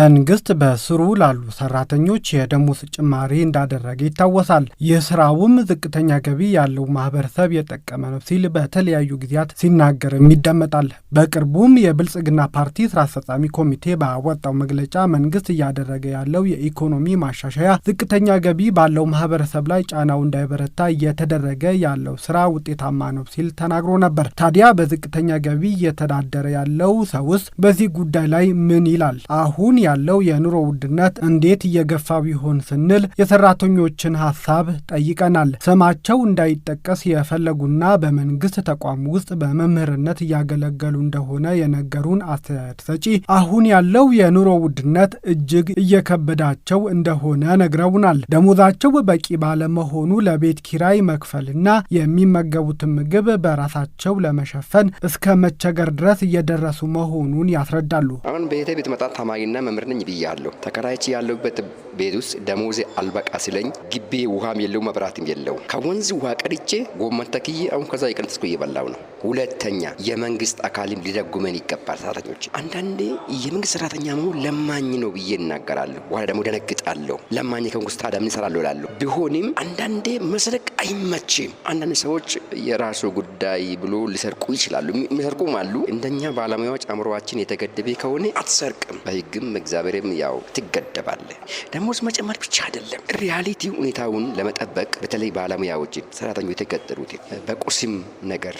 መንግስት በስሩ ላሉ ሰራተኞች የደሞዝ ጭማሪ እንዳደረገ ይታወሳል። የስራውም ዝቅተኛ ገቢ ያለው ማህበረሰብ የጠቀመ ነው ሲል በተለያዩ ጊዜያት ሲናገርም ይደመጣል። በቅርቡም የብልጽግና ፓርቲ ስራ አስፈጻሚ ኮሚቴ ባወጣው መግለጫ መንግስት እያደረገ ያለው የኢኮኖሚ ማሻሻያ ዝቅተኛ ገቢ ባለው ማህበረሰብ ላይ ጫናው እንዳይበረታ እየተደረገ ያለው ስራ ውጤታማ ነው ሲል ተናግሮ ነበር። ታዲያ በዝቅተኛ ገቢ እየተዳደረ ያለው ሰውስ በዚህ ጉዳይ ላይ ምን ይላል? አሁን አሁን ያለው የኑሮ ውድነት እንዴት እየገፋ ቢሆን ስንል የሰራተኞችን ሀሳብ ጠይቀናል። ስማቸው እንዳይጠቀስ የፈለጉና በመንግስት ተቋም ውስጥ በመምህርነት እያገለገሉ እንደሆነ የነገሩን አስተያየት ሰጪ አሁን ያለው የኑሮ ውድነት እጅግ እየከበዳቸው እንደሆነ ነግረውናል። ደሞዛቸው በቂ ባለመሆኑ ለቤት ኪራይ መክፈልና የሚመገቡትን ምግብ በራሳቸው ለመሸፈን እስከ መቸገር ድረስ እየደረሱ መሆኑን ያስረዳሉ። አሁን ቤቴ መጣት ተማሪና መምህር ነኝ ብያለሁ። ተከራይቼ ያለሁበት ቤት ውስጥ ደሞዜ አልበቃ ሲለኝ ግቤ ውሃም የለው መብራትም የለው ከወንዝ ውሃ ቀድቼ ጎመን ተክዬ አሁን ከዛ የቀንጥስኩ እየበላው ነው። ሁለተኛ የመንግስት አካልም ሊደጉመን ይገባል። ሰራተኞች አንዳንዴ የመንግስት ሰራተኛ መሆን ለማኝ ነው ብዬ እናገራለሁ። በኋላ ደግሞ ደነግጣለሁ። ለማኝ ከመንግስት ታዲያ ምን እሰራለሁ እላለሁ። ቢሆንም አንዳንዴ መስረቅ አይመችም። አንዳንድ ሰዎች የራሱ ጉዳይ ብሎ ሊሰርቁ ይችላሉ። የሚሰርቁም አሉ። እንደኛ ባለሙያዎች አእምሮችን የተገደበ ከሆነ አትሰርቅም። በህግም እግዚአብሔርም ያው ትገደባለ። ደሞዝ መጨመር ብቻ አይደለም፣ ሪያሊቲ ሁኔታውን ለመጠበቅ በተለይ ባለሙያዎች ሰራተኞች የተገደሉት በቁስም ነገር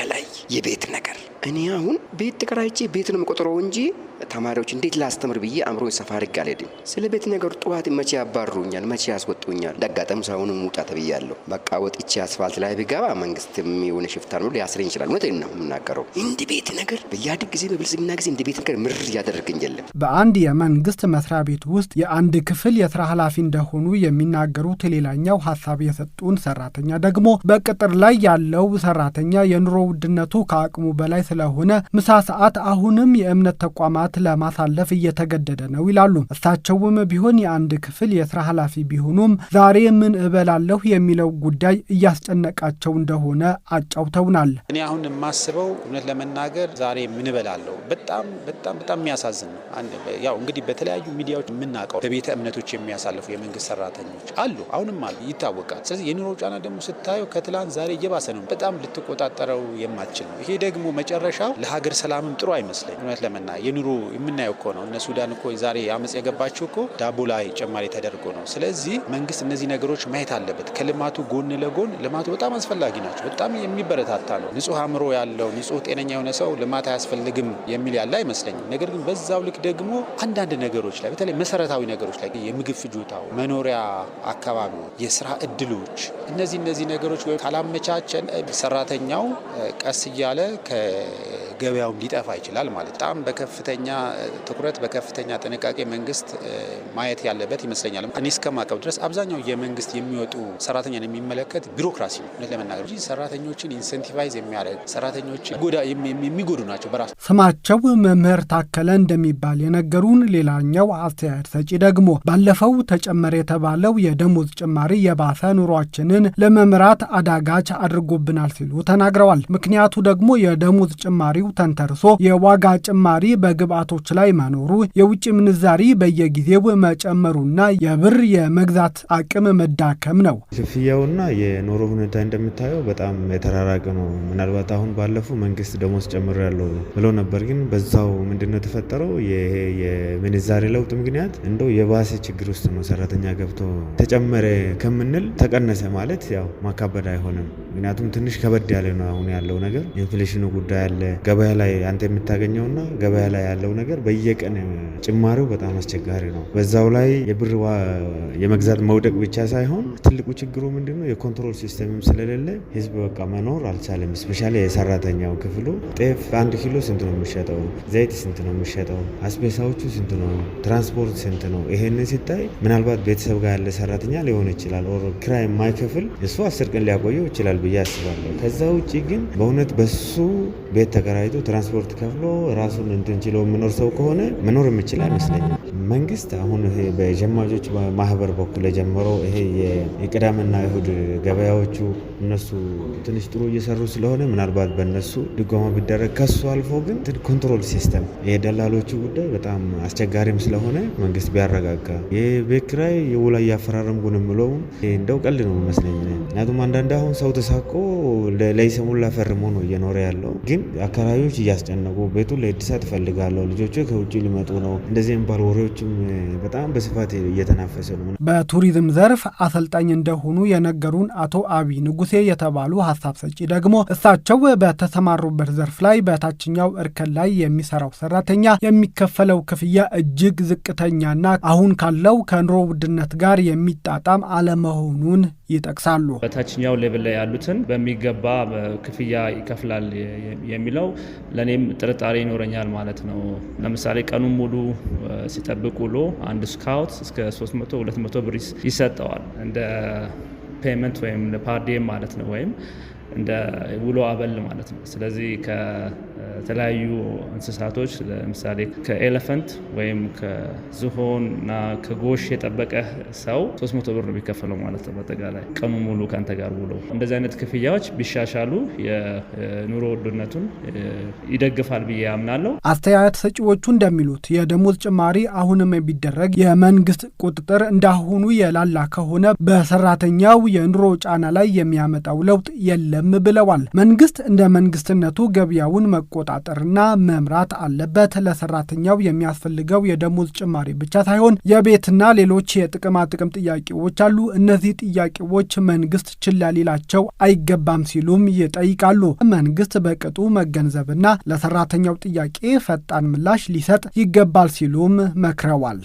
በተለይ የቤት ነገር እኔ አሁን ቤት ተከራይቼ ቤት ነው የምቆጥረው እንጂ ተማሪዎች እንዴት ላስተምር ብዬ አእምሮ ሰፋ አድርጌ አልሄድም። ስለ ቤት ነገር ጠዋት መቼ ያባሩኛል፣ መቼ ያስወጡኛል። እንዳጋጣሚ ሳይሆኑ ውጣ ተብያለሁ። በቃ ወጥቼ አስፋልት ላይ ብገባ መንግስት የሆነ ሽፍታ ነው ሊያስረኝ ይችላል። እውነቴን ነው የምናገረው። እንዲህ ቤት ነገር በያድግ ጊዜ በብልጽግና ጊዜ እንዲህ ቤት ነገር ምር እያደረገኝ የለም። በአንድ የመንግስት መስሪያ ቤት ውስጥ የአንድ ክፍል የስራ ኃላፊ እንደሆኑ የሚናገሩት ሌላኛው ሀሳብ የሰጡን ሰራተኛ ደግሞ በቅጥር ላይ ያለው ሰራተኛ የኑሮ ውድነቱ ከአቅሙ በላይ ስለሆነ ምሳ ሰዓት አሁንም የእምነት ተቋማት ዓመታት ለማሳለፍ እየተገደደ ነው ይላሉ። እሳቸውም ቢሆን የአንድ ክፍል የስራ ኃላፊ ቢሆኑም ዛሬ ምን እበላለሁ የሚለው ጉዳይ እያስጨነቃቸው እንደሆነ አጫውተውናል። እኔ አሁን የማስበው እውነት ለመናገር ዛሬ ምን እበላለሁ በጣም በጣም በጣም የሚያሳዝን ነው። ያው እንግዲህ በተለያዩ ሚዲያዎች የምናውቀው በቤተ እምነቶች የሚያሳልፉ የመንግስት ሰራተኞች አሉ፣ አሁንም አሉ፣ ይታወቃል። ስለዚህ የኑሮ ጫና ደግሞ ስታየው ከትላንት ዛሬ እየባሰ ነው። በጣም ልትቆጣጠረው የማትችል ነው። ይሄ ደግሞ መጨረሻው ለሀገር ሰላምም ጥሩ አይመስለኝ እውነት ለመና የኑሮ የምናየው እኮ ነው። እነ ሱዳን እኮ ዛሬ አመፅ የገባችው እኮ ዳቦ ላይ ጭማሪ ተደርጎ ነው። ስለዚህ መንግስት እነዚህ ነገሮች ማየት አለበት። ከልማቱ ጎን ለጎን ልማቱ በጣም አስፈላጊ ናቸው። በጣም የሚበረታታ ነው። ንጹህ አእምሮ ያለው ንጹህ ጤነኛ የሆነ ሰው ልማት አያስፈልግም የሚል ያለ አይመስለኝም። ነገር ግን በዛው ልክ ደግሞ አንዳንድ ነገሮች ላይ በተለይ መሰረታዊ ነገሮች ላይ የምግብ ፍጆታው፣ መኖሪያ አካባቢው፣ የስራ እድሎች እነዚህ እነዚህ ነገሮች ወይም ካላመቻቸን ሰራተኛው ቀስ እያለ ገበያው ሊጠፋ ይችላል ማለት በጣም በከፍተኛ ትኩረት በከፍተኛ ጥንቃቄ መንግስት ማየት ያለበት ይመስለኛል። እኔ እስከማቀብ ድረስ አብዛኛው የመንግስት የሚወጡ ሰራተኛን የሚመለከት ቢሮክራሲ ነው ለመናገር እ ሰራተኞችን ኢንሴንቲቫይዝ የሚያደርግ ሰራተኞች የሚጎዱ ናቸው። በራሱ ስማቸው መምህር ታከለ እንደሚባል የነገሩን ሌላኛው አስተያየት ሰጪ ደግሞ ባለፈው ተጨመረ የተባለው የደሞዝ ጭማሪ የባሰ ኑሯችንን ለመምራት አዳጋች አድርጎብናል ሲሉ ተናግረዋል። ምክንያቱ ደግሞ የደሞዝ ጭማሪው ተንተርሶ የዋጋ ጭማሪ በግብዓቶች ላይ መኖሩ፣ የውጭ ምንዛሪ በየጊዜው መጨመሩና የብር የመግዛት አቅም መዳከም ነው። ክፍያውና የኑሮ ሁኔታ እንደምታየው በጣም የተራራቀ ነው። ምናልባት አሁን ባለፉ መንግስት ደሞዝ ጨምሮ ያለው ብለው ነበር፣ ግን በዛው ምንድነው የተፈጠረው ይሄ የምንዛሪ ለውጥ ምክንያት እንደው የባሰ ችግር ውስጥ ነው ሰራተኛ ገብቶ ተጨመረ ከምንል ተቀነሰ ማለት ያው ማካበድ አይሆንም። ምክንያቱም ትንሽ ከበድ ያለ ነው አሁን ያለው ነገር። ኢንፍሌሽኑ ጉዳይ አለ፣ ገበያ ላይ አንተ የምታገኘውና ገበያ ላይ ያለው ነገር በየቀን ጭማሪው በጣም አስቸጋሪ ነው። በዛው ላይ የብር የመግዛት መውደቅ ብቻ ሳይሆን ትልቁ ችግሩ ምንድነው የኮንትሮል ሲስተምም ስለሌለ ህዝብ በቃ መኖር አልቻለም። ስፔሻሊ የሰራተኛው ክፍሉ ጤፍ አንድ ኪሎ ስንት ነው የሚሸጠው? ዘይት ስንት ነው የሚሸጠው? አስቤሳዎቹ ስንት ነው? ትራንስፖርት ስንት ነው? ይሄንን ሲታይ ምናልባት ቤተሰብ ጋር ያለ ሰራተኛ ሊሆን ይችላል ኦር ክራይ የማይከፍል እሱ አስር ቀን ሊያቆየው ይችላል ብዬ አስባለሁ። ከዛ ውጭ ግን በእውነት በሱ ቤት ተከራይ ተዘጋጅቶ ትራንስፖርት ከፍሎ ራሱን እንትን ችሎ የምኖር ሰው ከሆነ መኖር የምችል አይመስለኝም። መንግስት አሁን በጀማጆች ማህበር በኩል የጀመረው ይሄ የቅዳምና እሁድ ገበያዎቹ እነሱ ትንሽ ጥሩ እየሰሩ ስለሆነ ምናልባት በእነሱ ድጎማ ቢደረግ ከሱ አልፎ ግን ኮንትሮል ሲስተም የደላሎቹ ጉዳይ በጣም አስቸጋሪም ስለሆነ መንግስት ቢያረጋጋ የቤት ኪራይ የውል እያፈራረም ጉን የምለው እንደው ቀልድ ነው መስለኝ። ምክንያቱም አንዳንድ አሁን ሰው ተሳቆ ለይሰሙላ ፈርሞ ነው እየኖረ ያለው ግን አካባቢዎች እያስጨነቁ ቤቱ ለእድሳት እፈልጋለሁ፣ ልጆቹ ከውጭ ሊመጡ ነው፣ እንደዚህ የሚባሉ ወሬዎችም በጣም በስፋት እየተናፈሰ ነው። በቱሪዝም ዘርፍ አሰልጣኝ እንደሆኑ የነገሩን አቶ አብይ ንጉሴ የተባሉ ሀሳብ ሰጪ ደግሞ እሳቸው በተሰማሩበት ዘርፍ ላይ በታችኛው እርከን ላይ የሚሰራው ሰራተኛ የሚከፈለው ክፍያ እጅግ ዝቅተኛና አሁን ካለው ከኑሮ ውድነት ጋር የሚጣጣም አለመሆኑን ይጠቅሳሉ። በታችኛው ሌቭል ላይ ያሉትን በሚገባ ክፍያ ይከፍላል የሚለው ለእኔም ጥርጣሬ ይኖረኛል ማለት ነው። ለምሳሌ ቀኑን ሙሉ ሲጠብቅ ውሎ አንድ ስካውት እስከ 300 200 ብር ይሰጠዋል እንደ ፔመንት ወይም ፓርዴም ማለት ነው ወይም እንደ ውሎ አበል ማለት ነው። ስለዚህ ከተለያዩ እንስሳቶች ለምሳሌ ከኤሌፈንት ወይም ከዝሆን እና ከጎሽ የጠበቀ ሰው 300 ብር ነው የሚከፈለው ማለት ነው። በአጠቃላይ ቀኑ ሙሉ ከአንተ ጋር ውሎ እንደዚህ አይነት ክፍያዎች ቢሻሻሉ የኑሮ ውድነቱን ይደግፋል ብዬ አምናለሁ። አስተያየት ሰጪዎቹ እንደሚሉት የደሞዝ ጭማሪ አሁንም ቢደረግ የመንግስት ቁጥጥር እንዳሁኑ የላላ ከሆነ በሰራተኛው የኑሮ ጫና ላይ የሚያመጣው ለውጥ የለም አይደለም ብለዋል። መንግስት እንደ መንግስትነቱ ገበያውን መቆጣጠርና መምራት አለበት። ለሰራተኛው የሚያስፈልገው የደሞዝ ጭማሪ ብቻ ሳይሆን የቤትና ሌሎች የጥቅማ ጥቅም ጥያቄዎች አሉ። እነዚህ ጥያቄዎች መንግስት ችላ ሊላቸው አይገባም ሲሉም ይጠይቃሉ። መንግስት በቅጡ መገንዘብና ለሰራተኛው ጥያቄ ፈጣን ምላሽ ሊሰጥ ይገባል ሲሉም መክረዋል።